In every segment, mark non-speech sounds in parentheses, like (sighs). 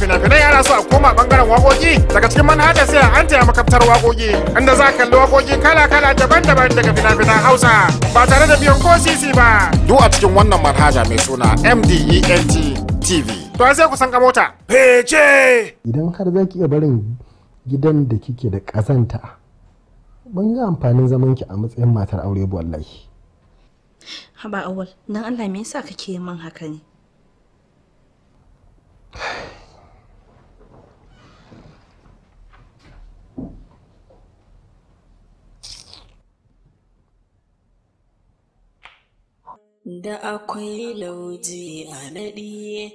fina-finai ana su a koma bangaren wakoki daga cikin manhaja sai an taya makaftar wakoki inda za kalli wakoki kala-kala daban-daban daga fina-finan hausa ba tare da biyan ko sisi ba duk a cikin wannan manhaja mai suna mdent tv to sai ku san ka mota fece idan har za ki iya barin gidan da kike da kazanta ban ga amfanin zaman ki a matsayin matar aure wallahi haba awal dan Allah me yasa kake min haka ne (sighs) da akwai lauje a naɗi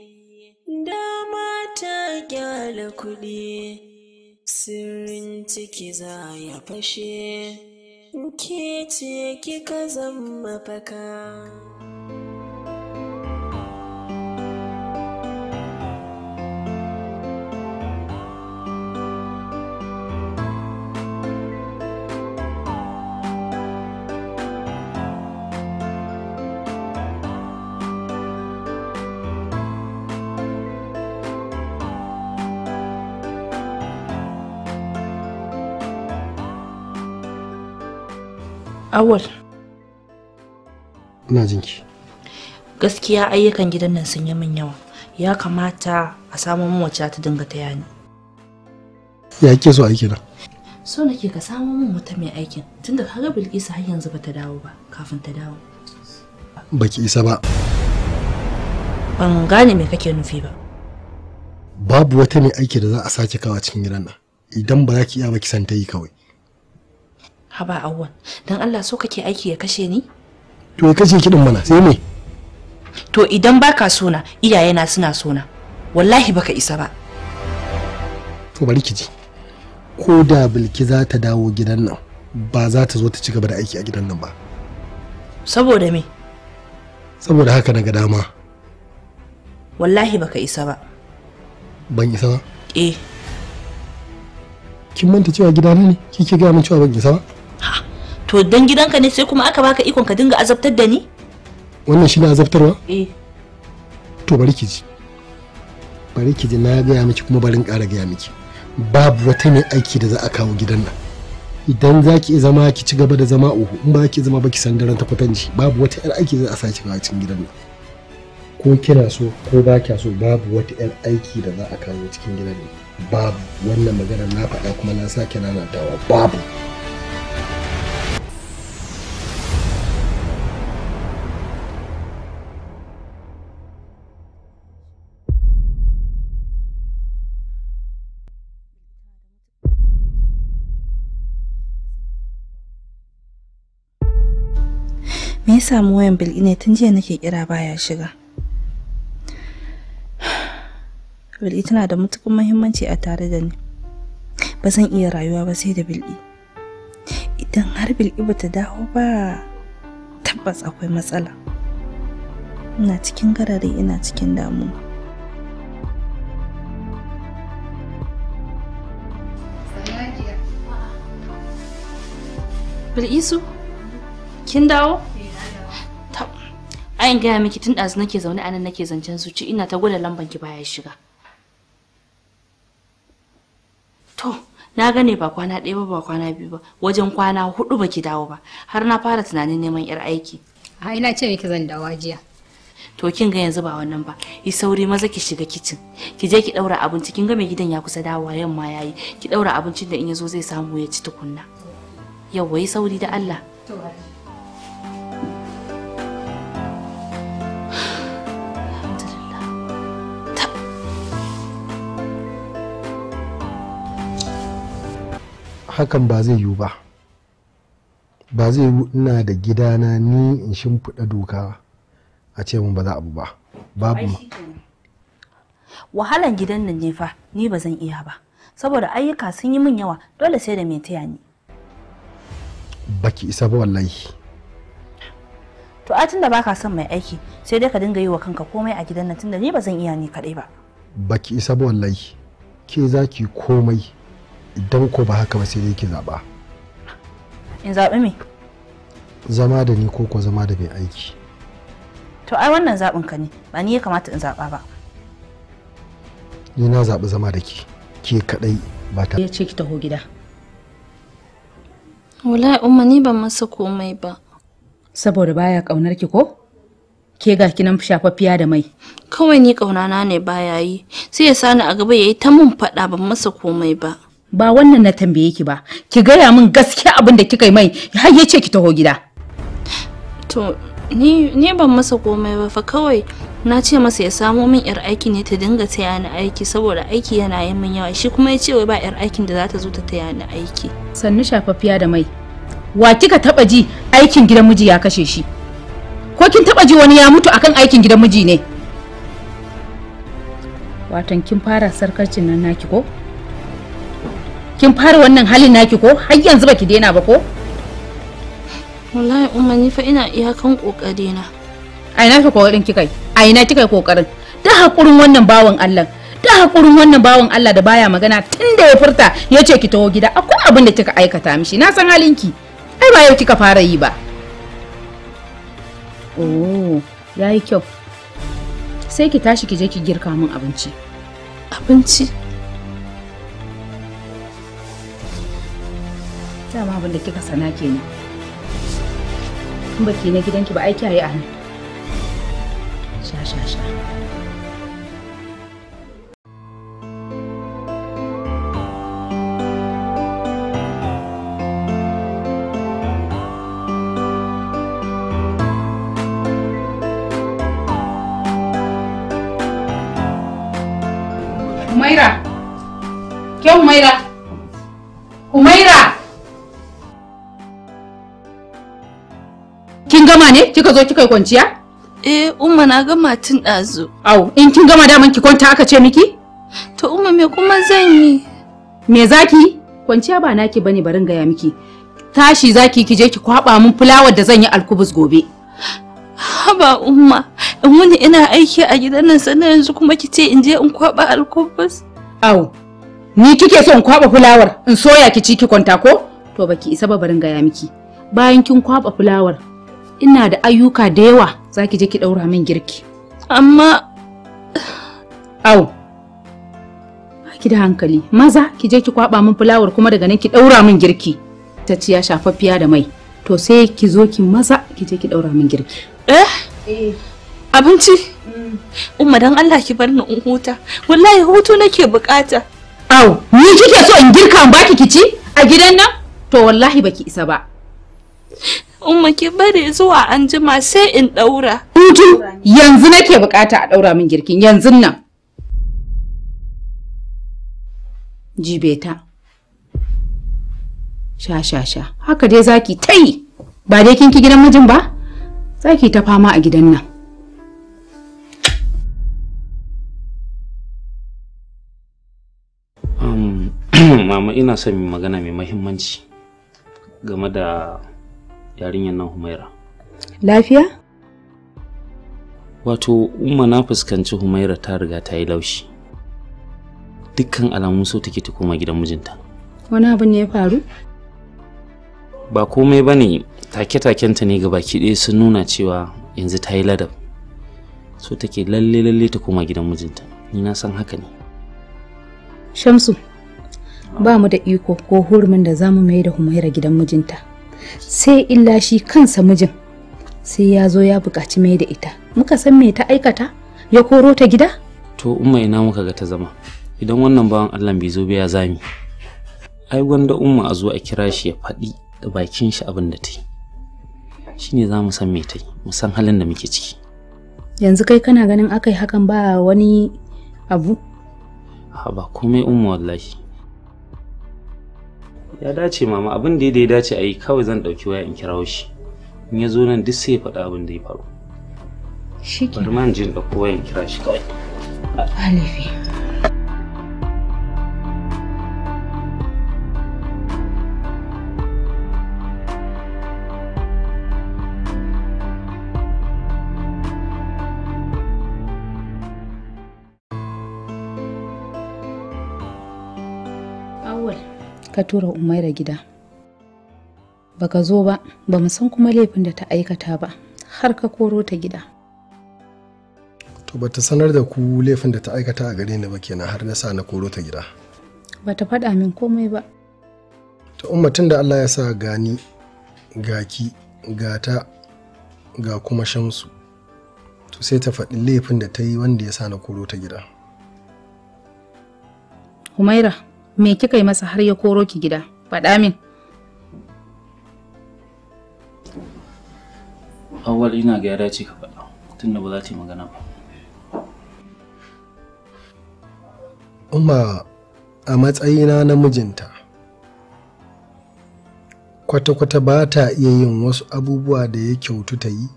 da mata gyala kuɗi sirrin ciki za ya fashe ke ce kika zama mafaka. Awal. Ina jinki. Gaskiya ayyukan gidan nan sun yi min yawa. Ya kamata a samu mu wacce ta dinga taya ni. Ya kike so aiki na? So nake ka samu min wata mai aikin tunda ga Bilkisu har yanzu bata dawo ba kafin ta dawo. Baki isa ba. Ban gane me kake nufi ba. Babu wata mai aiki da za a sake kawo cikin gidan nan. Idan ba za ki iya ba ki san ta yi kawai. haba awon dan Allah so kake aiki ya kashe ni to ya kashe kiɗin mana sai me to idan baka sona iyayena suna sona wallahi baka isa ba to bari ki ji ko da bilki za ta dawo gidan nan ba za ta zo ta ci gaba da aiki a gidan nan ba saboda me saboda haka na ga dama wallahi baka isa ba ban isa ba eh kin manta cewa gidana ne kike ga mun cewa ban isa ba ha to dan gidanka ne sai kuma aka baka ikon ka dinga azabtar da ni wannan shi ne azabtarwa eh. to bari ki ji bari ki ji na gaya miki kuma barin ƙara gaya miki babu wata mai aiki da za a kawo gidan nan idan za ki zama ki ci gaba da zama uku in ba ki zama ba ki san daren ta kwatanci babu wata yar aiki za a sace a cikin gidan nan ko kina so ko ba kya so babu wata yar aiki da za a kawo cikin gidan nan babu wannan maganar na faɗa kuma na sake nanatawa babu na samu wayan bilki ne tun jiya nake kira baya shiga (sighs) bilki tana da matukar muhimmanci a tare da ni ba zan iya rayuwa ba sai da bilki idan har bilki bata dawo ba tabbas akwai matsala ina cikin garari ina cikin damu. Bil'isu, kin dawo? ayin gaya miki tun ɗazu nake zaune a nan nake zancen su ci ina ta gwada lamban ki baya shiga to na gane ba kwana ɗaya ba ba kwana biyu ba wajen kwana hudu baki dawo ba har na fara tunanin neman yar aiki a ina ce miki zan dawo jiya to kin ga yanzu ba wannan ba yi sauri maza ki shiga kicin ki je ki daura abinci kin ga mai gidan ya kusa dawowa yamma yayi ki daura abincin da in yazo zai samu ya ci tukunna yawwa yi sauri da Allah to hakan ba zai yiwu ba ba zai yiwu ina da gidana ni in shimfiɗa doka a ce mun ba za abu ba babu ma wahalan gidan nan ne fa ni ba zan iya ba saboda ayyuka sun yi min yawa dole sai da mai taya ni baki isa ba wallahi to a tunda baka son mai aiki sai dai ka dinga yi wa kanka komai a gidan nan tunda ni ba zan iya ni kaɗai ba baki isa ba wallahi ke zaki komai idan ko ba haka ba sai dai ki zaɓa in zaɓi me zama da ni ko ko zama da mai aiki to ai wannan zaɓin ka ne ba ni ya kamata in zaɓa ba ni na zaɓi zama da ki ke kaɗai ba ta ya ce ki taho gida wallahi umma ni ban masa komai ba saboda baya ƙaunar ki ko ke ga nan shafaffiya da mai kawai ni ƙaunana ne baya yi sai ya sani a gaba ya yi ta mun faɗa ban masa komai ba ba wannan na tambaye ki ba ki gaya min gaskiya abin da kika yi mai har ya ce ki taho gida to ni ban masa komai ba fa kawai na ce masa ya samo min yar aiki ne ta dinga taya ni aiki saboda aiki yana yin min yawa shi kuma ya ce wai ba yar aikin da za ta zo ta taya ni aiki sannu shafaffiya da mai wa kika taba ji aikin gidan miji ya kashe shi ko kin taba ji wani ya mutu akan aikin gidan miji ne watan kin fara sarkarcin nan naki ko kin fara wannan halin naki ko har yanzu baki daina ba ko wallahi umma ni fa ina iyakan kokari na a ina kika kokarin kai a ina kai kokarin da hakurin wannan bawan Allah da hakurin wannan bawan Allah da baya magana tun da ya furta ya ki taho gida akwai abin da kika aikata mishi na san ki ai ba yau kika fara yi ba oh yayi kyau sai ki tashi ki je ki girka min abinci abinci dama abin da kika sana ne in baki na gidanki ba aiki ayi a nan sha sha sha Umaira, ke kin gama ne kika zo kika kwanciya? Eh, umma na gama tun ɗazu. Au, in kin gama daman ki kwanta aka ce miki? To umma me kuma zan yi? Me zaki? Kwanciya ba naki bane barin gaya miki. Tashi zaki ki je ki kwaba min fulawar da zan yi alkubus gobe. Haba umma, in wani ina aiki a gidan nan sannan yanzu kuma ki ce in je in kwaba alkubus? Au, ni kike so in kwaba fulawar in soya ki ci ki kwanta ko? To baki isa ba barin gaya miki. Bayan kin kwaba fulawar, ina da ayyuka da yawa za ki je ki ɗaura min girki amma au ki da hankali maza ki je ki kwaba min fulawar kuma daga nan ki ɗaura min girki ta ciya shafaffiya da mai to sai ki zo ki maza ki je ki ɗaura min girki eh, eh. abinci mm. umma dan Allah ki bar ni in huta wallahi hutu nake bukata au ni kike so in girka in baki ki ci a gidan nan to wallahi baki isa ba umma ki bari zuwa anjima sai in daura hutu yanzu nake bukata a daura min girkin yanzu nan jibeta sha sha sha haka dai zaki tai ba dai kinki gidan mijin ba zaki ta fama a gidan nan (clears throat) mama ina son magana mai muhimmanci game da yarinyar nan Humaira. Lafiya? Wato, Umma na fuskanci Humaira ta riga ta yi laushi. Dukkan alamu so take ta koma gidan mijinta. Wani abu ne ya faru? Ba komai ba ne, take-takenta ne ga baki ɗaya sun nuna cewa yanzu ta yi ladab. So take lalle-lalle ta koma gidan mijinta. Ni na san haka ne. Shamsu, ba mu da iko ko hurumin da za mu mai da Humaira gidan mijinta. sai illa shi kansa mijin sai ya zo ya buƙaci mai da ita muka san me ta aikata ya koro ta gida to umma ina muka ga ta zama idan wannan bawan Allah bai zo ba ya zami ai gwanda umma a zo a kira shi ya faɗi da bakin shi abin da ta shine za mu san me ta yi mu san halin da muke ciki yanzu kai kana ganin akai hakan ba wani abu ba komai umma wallahi ya dace mama abin da ya dace a yi kawai zan ɗauki waya in kirawo shi in ya zo nan duk sai ya faɗa abin da ya faru shi ke bari ma in ji in ɗauko waya in kira shi kawai alifi ka tura umaira gida baka zo ba ba mu san kuma laifin da ta aikata ba har ka koro ta gida to bata sanar da ku laifin da ta aikata a gare ni ba kenan har na sa na koro ta gida bata faɗa min komai ba ta ummatin da Allah ya sa gani gaki gata ga kuma shamsu to sai ta faɗi laifin da ta yi wanda ya sa na koro ta gida Humaira, me kika yi masa har ya koro ki gida faɗa min awal ina ga ya ce ka faɗa tunda ba za ta yi magana ba umma a matsayina na mijinta kwata-kwata ba ta iya yin wasu abubuwa da ya kyautu ta yi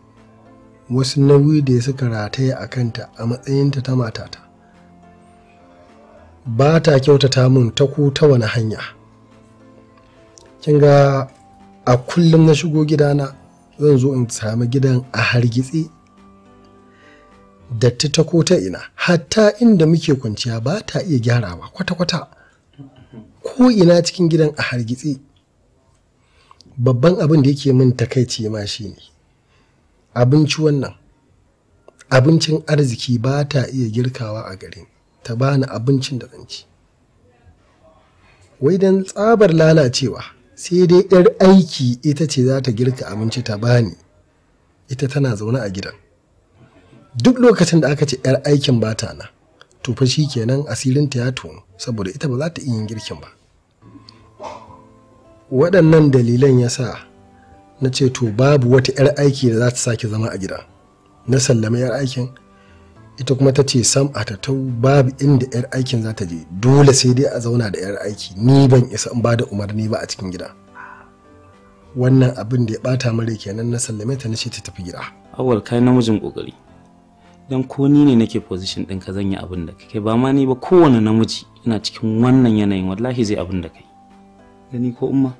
wasu nauyi da ya suka rataye a kanta a matsayinta ta matata ba ta kyautata mun ta ku ta wani hanya kin ga a kullum na shigo gidana zan zo in sami gidan a hargitse da ta ko ta ina hatta inda muke kwanciya ba ta iya gyarawa kwata-kwata ko ina cikin gidan a hargitse babban abin da yake min takaici ma shi ne abinci wannan abincin arziki ba ta iya girkawa a garin ta bani abincin da zan ci wai don tsabar lalacewa sai dai yar aiki ita ce za ta girka abinci ta bani ita tana zaune a gidan duk lokacin da aka ce yar aikin ba ta na to fa shi kenan ta ya tono saboda ita ba za ta iya yin girkin ba waɗannan dalilan ya sa na ce to babu wata 'yar aiki da za ta sake zama a gida na sallama 'yar aikin ita kuma ta ce sam a tatau babu inda 'yar aikin za ta je dole sai dai a zauna da 'yar aiki ni ban isa in ba da umarni ba a cikin gida wannan abin da ya bata mare kenan na sallame ta nace ta tafi gida awal kai namijin kokari dan ko ni ne nake position din ka zanya abin da kake ba ma ni ba kowane namiji ina cikin wannan yanayin wallahi zai abin da kai da ko umma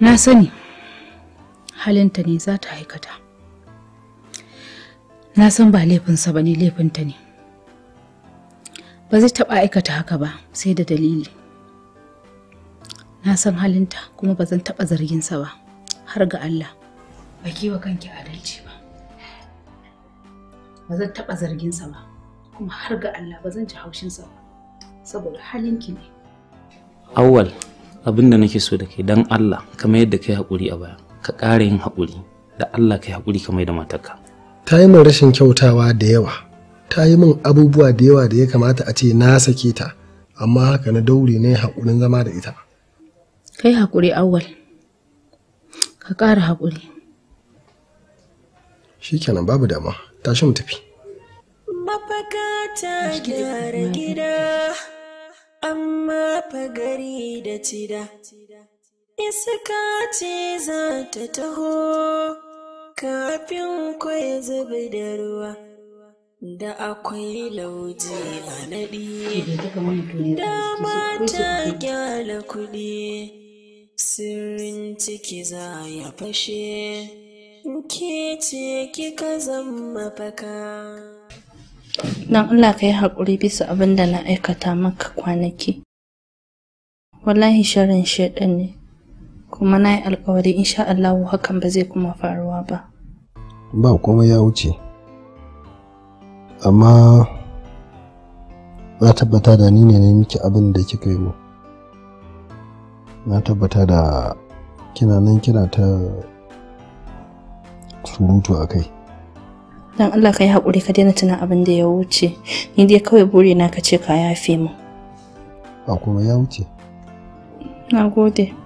na sani halinta ne za ta aikata na san ba laifinsa ba ne laifinta ne ba zai taɓa aikata haka ba sai da dalili na san halinta kuma ba zan taɓa zarginsa ba har ga Allah ba wa kanki adalci ba ba zan taɓa zarginsa ba kuma har ga Allah ba zan ji haushinsa ba saboda halinki ne awwal abin da nake so da kai dan Allah kamar yadda kai haƙuri a baya ka ƙara yin haƙuri da Allah kai haƙuri kamar da matarka ta yi min rashin kyautawa da yawa ta yi min abubuwa da yawa da ya kamata a ce na sake ta amma haka na daure ne haƙurin zama da ita kai haƙuri awwal ka ƙara haƙuri shikenan babu dama tashi mu tafi mafaka ta gyara gida amma fagari da cida iska ce za ta taho kafin kwai zubi da ruwa da akwai lauje a naɗi da mata gyala kuɗi sirrin ciki za ya fashe ke ce kika zan mafaka don Allah ka yi haƙuri bisa abin da na aikata maka kwanaki wallahi shirin shaɗan ne kuma na yi alkawari insha Allah hakan ba zai kuma faruwa ba. Ba kuma ya wuce. Amma na tabbata da ni ne miki abin da kika yi mu. Na tabbata da kina nan kina ta surutu a kai. Dan Allah ka yi haƙuri ka daina tunan abin da ya wuce. Ni dai kawai burina ka ce ka yafe mu. Ba kuma ya wuce. Na gode.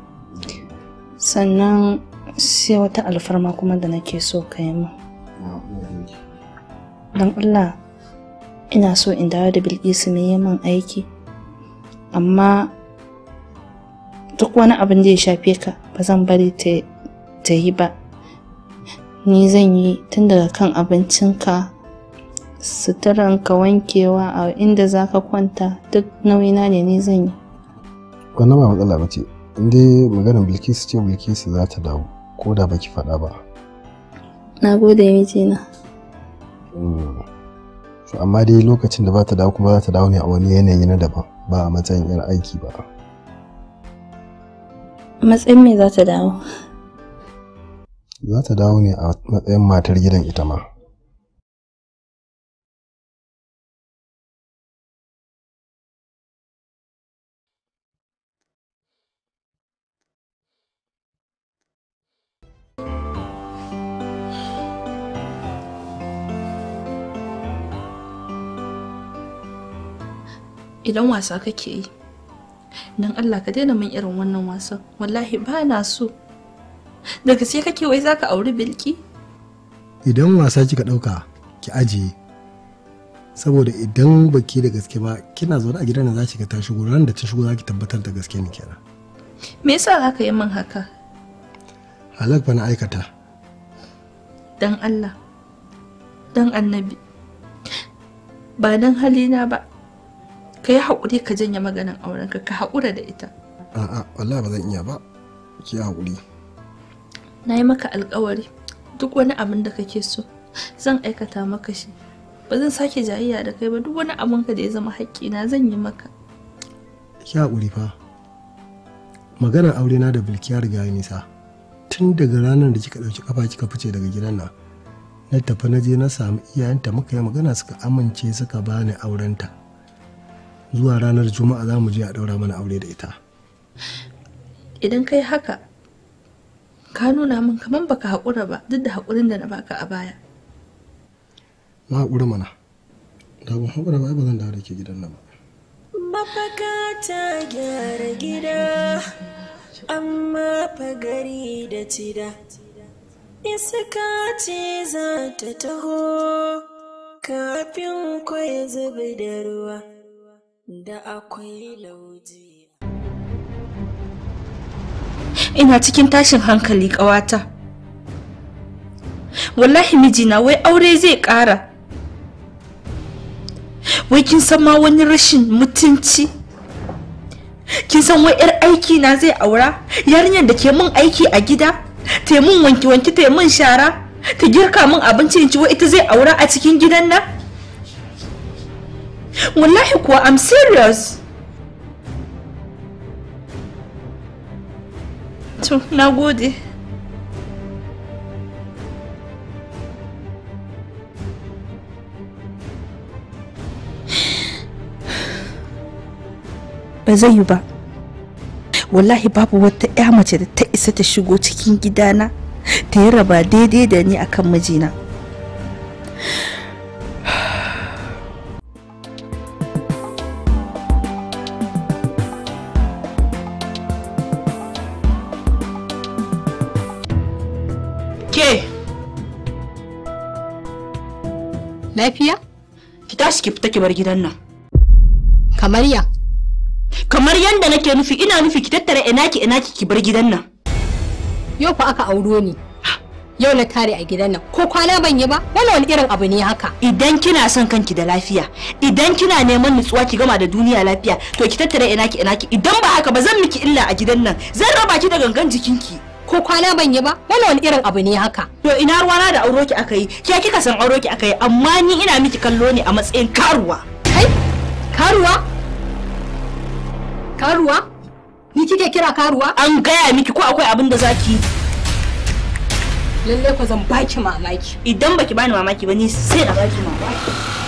sannan sai wata alfarma kuma da nake so ka yi min don allah ina so in dawo da bilkisu ne yi min aiki amma duk wani abin da ya shafe ka ba zan bari ta yi ba ni zan yi tun daga kan abincinka ka wankewa a inda za ka kwanta duk nauyina ne ni zan yi wannan ba matsala ba ce in dai maganar bilkisu ce bilkisu za ta dawo ko da baki faɗa ba na gode mijina hmm. to amma dai lokacin da ba ta dawo kuma za ta dawo ne a wani yanayi na daban ba a matsayin yar aiki ba matsayin me za ta dawo za ta dawo ne a matsayin matar gidan ita ma idan wasa kake yi don Allah ka daina min irin wannan wasan wallahi ba na so daga sai kake wai zaka auri bilki idan wasa kika dauka ki ajiye saboda idan baki da gaske ba kina zaune a gidan za ki ga tashi shigo ran da ta shigo za ki tabbatar da gaske ne kenan me yasa za ka yi min haka halak fa na aikata dan Allah dan annabi ba dan halina ba ka yi haƙuri ka janye maganin aurenka ka haƙura da ita a'a wallahi ba zan iya ba ki haƙuri na yi maka alƙawari duk wani abin da kake so zan aikata maka shi ba zan sake jayayya da kai ba duk wani abin ka da ya zama haƙƙina zan yi maka ki haƙuri fa maganar aure na da bilkiya riga ya nisa tun daga ranar da kika ɗauki kafa kika fice daga gidan nan na tafi na je na samu iyayenta muka yi magana suka amince suka bani aurenta zuwa ranar juma'a za mu je a ɗaura mana aure da ita idan kai haka ka nuna min kamar baka haƙura ba duk da haƙurin da na baka a baya na haƙura mana da ban haƙura ba ba zan da ke gidan nan ba mafaka ta gyara gida amma fa gari da cida iska ce za ta taho kafin kwaya zubi da ruwa Ina cikin tashin hankali ƙawata. Wallahi mijina wai aure zai ƙara. Wai kin san ma wani rashin mutunci? Kin san wai 'yar aiki na zai aura? Yarinyar da ke mun aiki a gida? Te min wanke-wanke, te mun shara? Ta girka min abinci in ci wai ita zai aura a cikin gidan nan? wallahi kuwa i'm serious to na gode ba zai yi ba wallahi babu wata 'ya mace da ta isa ta shigo cikin gidana ta yi raba daidai da ni akan mijina. Lafiya? Ki tashi ki fita ki bar gidan nan. Kamar ya? Kamar yanda nake nufi ina nufi ki tattara inaki inaki ki bar gidan nan. Yau fa aka auro ni. Yau na tare a gidan nan ko kwana ban yi ba wani wani irin abu ne haka. Idan kina son kanki da lafiya, idan kina neman nutsuwa ki gama da duniya lafiya to ki tattara inaki inaki idan ba haka ba zan miki illa a gidan nan zan raba ki da gangan jikinki. ko kwana ban yi ba wani wani irin abu ne haka to ina ruwa na da auro ki aka yi ke kika san auro ki aka yi amma ni ina miki kallo ne a matsayin karuwa kai karuwa karuwa ni kike kira karuwa an gaya miki ko akwai abin da zaki lallai ko zan baki mamaki idan baki bani mamaki ba ni sai na baki mamaki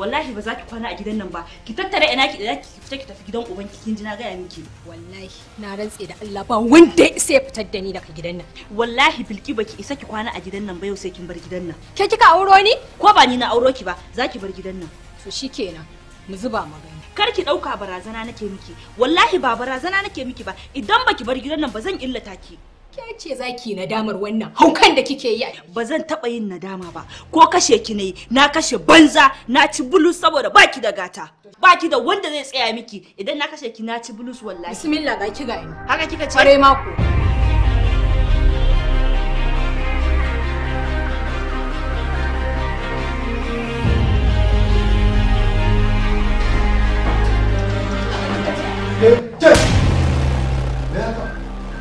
wallahi ba za ki kwana a gidan nan ba ki tattara ina ki da ki fita ki tafi gidan uban kin ji na gaya miki wallahi na rantse da Allah ba wanda sai ya fitar da ni daga gidan nan wallahi bilki baki isa ki kwana a gidan nan ba yau sai kin bar gidan nan ke kika auro ni ko ba ni na auro ki ba za ki bar gidan nan to shikenan mu zuba magana kar ki dauka barazana nake miki wallahi ba barazana nake miki ba idan baki bar gidan nan ba zan illata ki Ke ce za ki nadamar wannan haukan da kike yi. Ba zan taɓa yin nadama ba, ko kashe ki ne, na kashe banza, na ci bulus saboda baki da gata. Baki da wanda zai tsaya miki, idan na kashe ki na ci bulus wallahi. Bismillah ga ki ga Haka kika ce? Kware mako.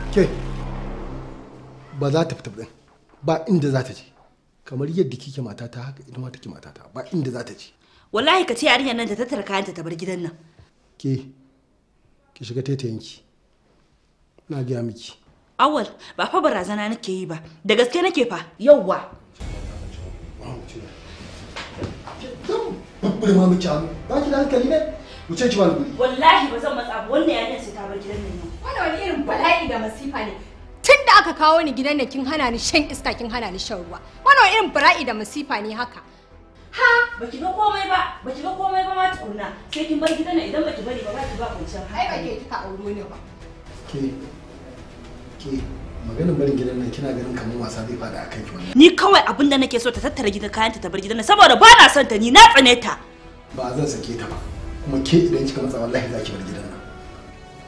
Okay. ba za ta fita din ba inda za ta je kamar yadda kike ta haka ita ma take ta ba inda za ta je wallahi ka ce yarinyar nan ta tattara kayan ta bar gidan nan ke ki shiga yanki na ga miki awal ba fa barazana nake yi ba da gaske nake fa yauwa Babbare ma mace amu, ba ki da hankali ne? Wuce ci wani Wallahi ba zan matsa ba wannan yarinyar sai ta bar gidan nan. Wannan wani irin bala'i da masifa ne. tun da aka kawo ni gidan nan kin hana ni shan iska kin hana ni shan ruwa wannan irin bala'i da masifa ne haka ha baki ga komai ba baki ga komai ba ma tukunna sai kin bar gidan nan idan baki bari ba baki ba kwanciyar hankali ai baki kika auro ne ba ke ke maganin barin gidan nan kina ganin kamar wasa zai fada akan ki wannan ni kawai abin da nake so ta tattara gidan kayan ta bar gidan nan saboda ba na son ta ni na tsane ta ba zan sake ta ba kuma ke idan kika matsa wallahi za ki bar gidan nan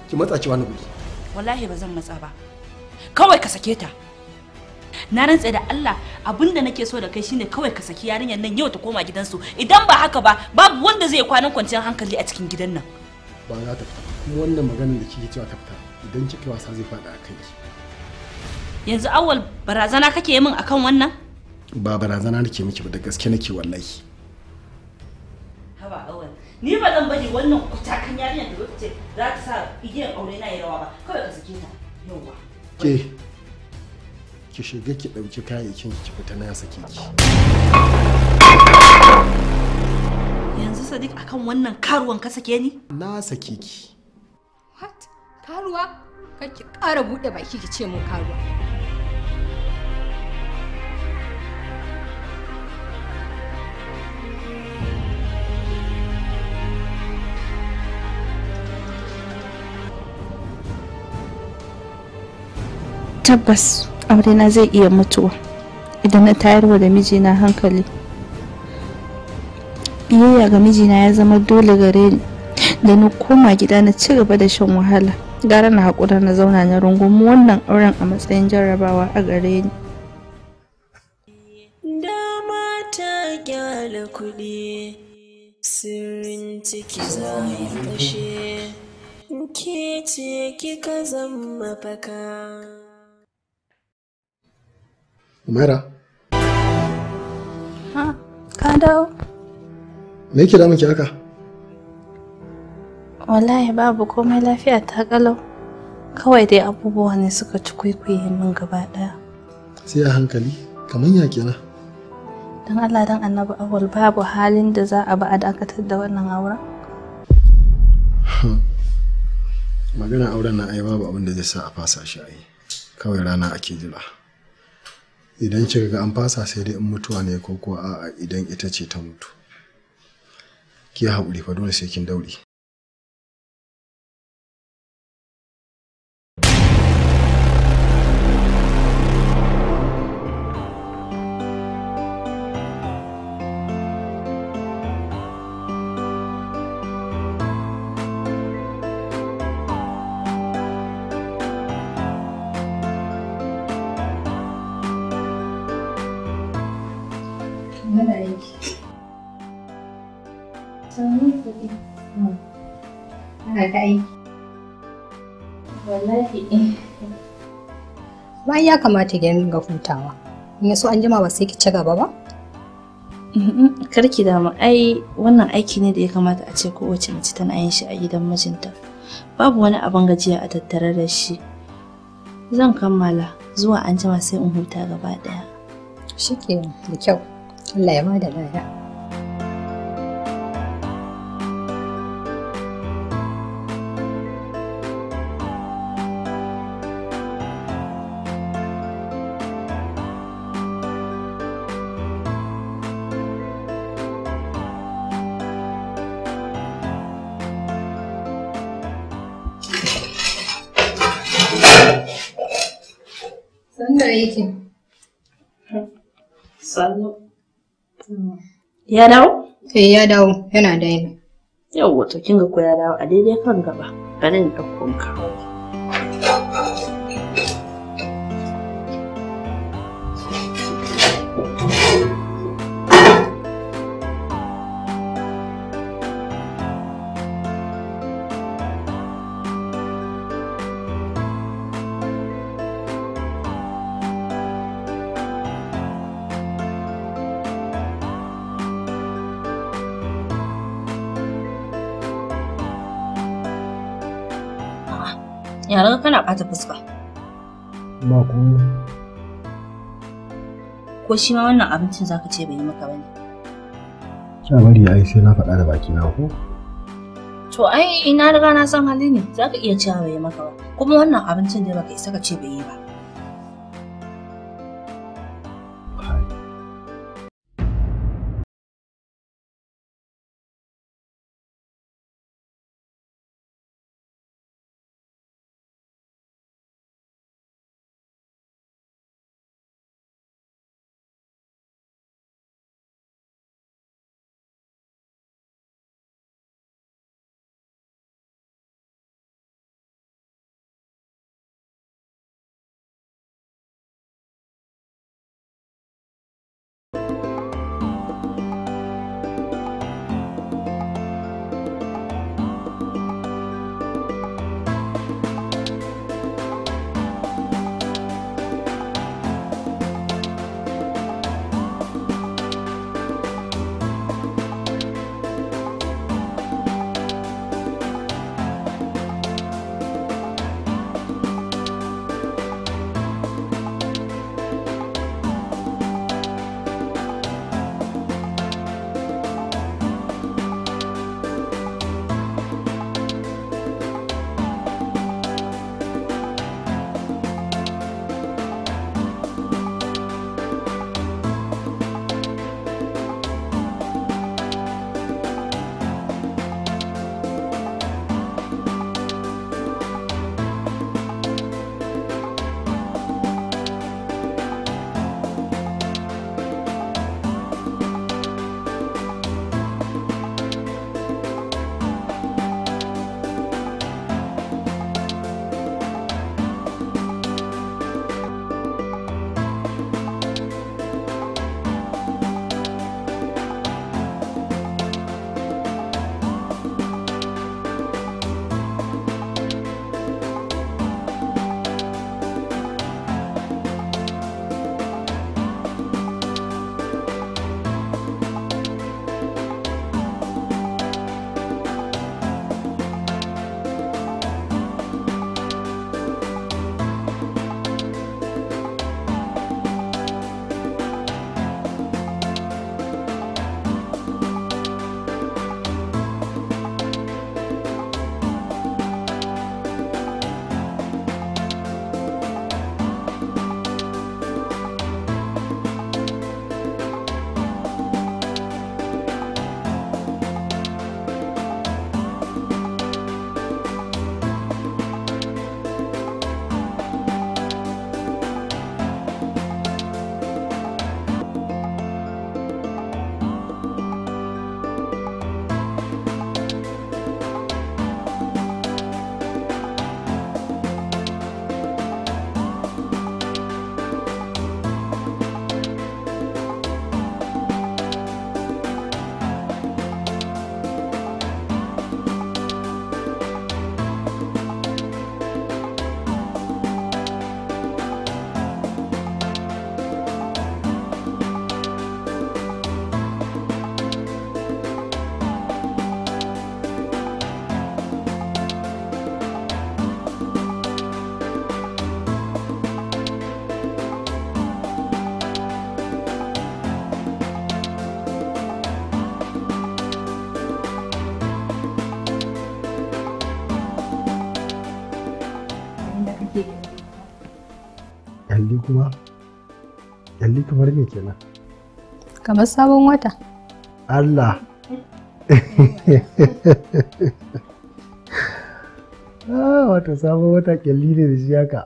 ki matsa ki wani guri wallahi ba zan matsa ba kawai ka sake ta na rantse da Allah abinda nake so da kai shine kawai ka saki yarinyar nan yau ta koma gidansu idan ba haka ba babu wanda zai kwanan kwanciyar hankali a cikin gidan nan ba za ta fita kuma wannan maganar da kike cewa ta fita idan kike wasa zai fada a kanki yanzu awwal barazana kake min akan wannan ba barazana nake miki ba da gaske nake wallahi haba awwal ni ba zan bari wannan kutakan yarinyar da zo ce za ta sa igiyar aure na yi rawa ba kawai ka sake ta ke ki shiga ki ɗauki kayayyakin ki fita na sake ki yanzu sadiq akan wannan karuwan ka sake ni na sake ki what karuwa kar ki ƙara buɗe baki ki ce mun karuwa tabbas aurena zai iya mutuwa idan na tayarwa da mijina hankali biyayya ga mijina ya zama dole gare ni da na koma gida na ci gaba da shan wahala gara na haƙura na zauna na rungumu wannan auren a matsayin jarrabawa a gare ni dama ta gyala sirrin kika zama mafaka Umaira. Ha, ka dawo. Me yake damunki haka? Wallahi babu komai lafiya ta kalau. Kawai dai abubuwa ne suka ci kwaikwaye min gaba ɗaya. Sai a hankali, kamar ya kenan. Don Allah don annabi awal babu halin da za a ba a dakatar da wannan auren. Magana auren na ai babu abin da zai sa a fasa shi ai. Kawai rana ake jira. idan kika ga an fasa sai dai in mutuwa ne ko kuwa a'a idan ita ce ta mutu ki haƙuri fa dole sai kin daure ta bayan ya kamata ya ga hutawa in yaso an jima ba sai ki ci gaba ba karki damu ai wannan aiki ne da ya kamata a ce kowace mace tana yin shi a gidan mijinta babu wani abin gajiya a tattare da shi zan kammala zuwa an jima sai in huta gaba daya shikenan da kyau Allah ya bada lada yake? Sannu. Ya dawo? Eh ya dawo yana daina. Yawwa to kinga ko ya dawo a daidai kan gaba. Bari in ɗauko ka. kana ɓata fuska. Ba komai. Ko shi ma wannan abincin zaka ce bai yi maka bane. Kya bari ai sai na faɗa da baki na ko? To ai ina riga na san hali ne zaka iya cewa bai yi maka ba. Kuma wannan abincin da baka isa ka ce bai yi ba. kuma yalli kamar me kenan kamar sabon wata Allah (laughs) ah wata sabon wata kyalli ne da shi haka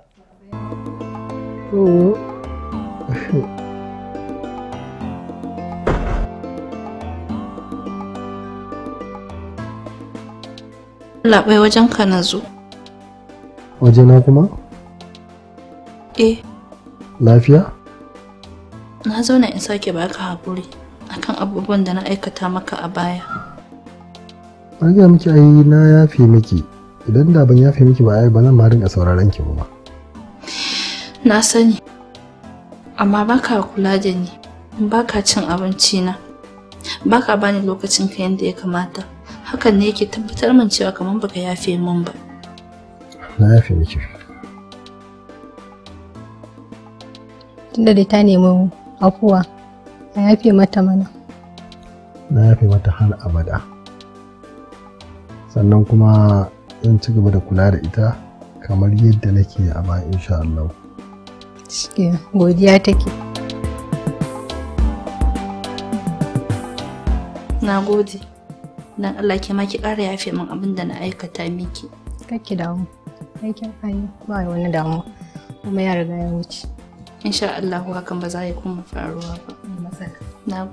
oh (laughs) labai wajen ka na zo. Wajena kuma? Eh. Lafiya? Na zauna in sake baka haƙuri akan abubuwan da na aikata maka a baya. An ga miki ai na yafe miki. Idan da ban yafe miki ba ai ba zan ma a sauraron ki ba. Na sani. Amma baka kula da ni. Baka cin abinci na. Baka bani lokacin ka yanda ya kamata. Hakan ne yake tabbatar min cewa kamar baka yafe min ba. Na yafe miki. tunda da ta nemi afuwa a yafe mata mana na yafe mata har abada sannan kuma zan ci gaba da kula da ita kamar yadda nake a ba insha Allah godiya take na gode dan Allah ke maki ki ƙara yafe min abin da na aikata miki kake damu aikin ayi ba wani damuwa, kuma ya riga ya wuce إن شاء الله هكذا يكون مفعول هذا. نعم.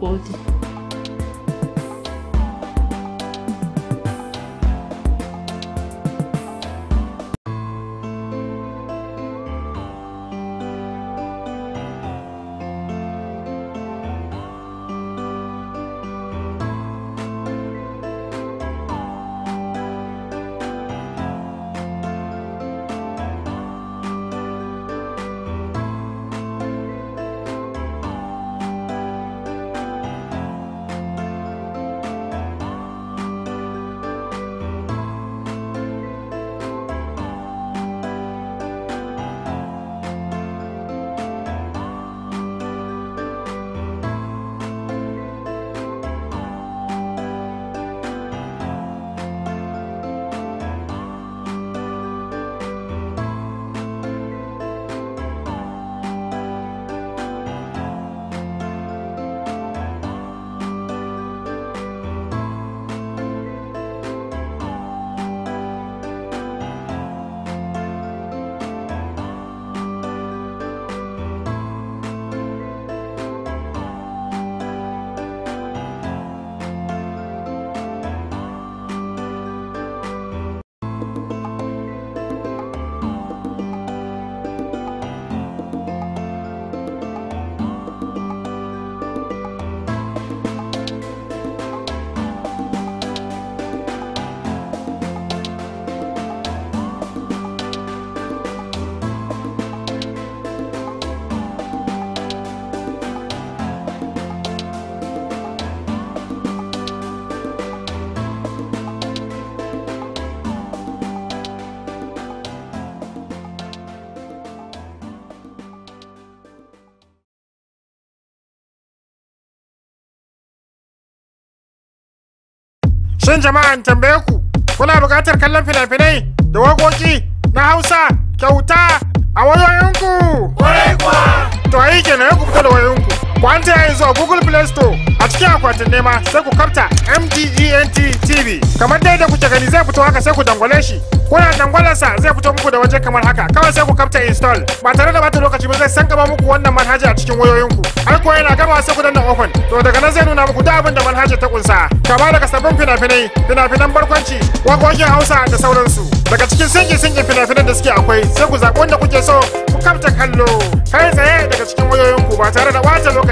Shin jama'an tambaye ku, kuna buƙatar kallon fina-finai da waƙoƙi na Hausa kyauta a wayoyinku? Ƙwarai kuwa! To ke na ya ku fita da wayoyinku. Ku an ta yanzu Google Play Store a cikin akwatin nema sai ku karta MDENT TV. Kamar dai da kuke gani zai fito haka sai ku dangwale shi. Kuna sa zai fito muku da waje kamar haka kawai sai ku karta install. Ba tare da bata lokaci ba zai san gaba muku wannan manhaja a cikin wayoyinku. Har kuwa yana gaba sai ku danna open. To daga nan zai nuna muku duk abin da ta kunsa. Kama daga sabbin fina-finai, fina-finan barkwanci, waƙoƙin Hausa da sauransu. Daga cikin singin-singin fina-finan da suke akwai sai ku zaɓi wanda kuke so ku karta kallo. Kai tsaye daga cikin wayoyinku ba tare da wata lokaci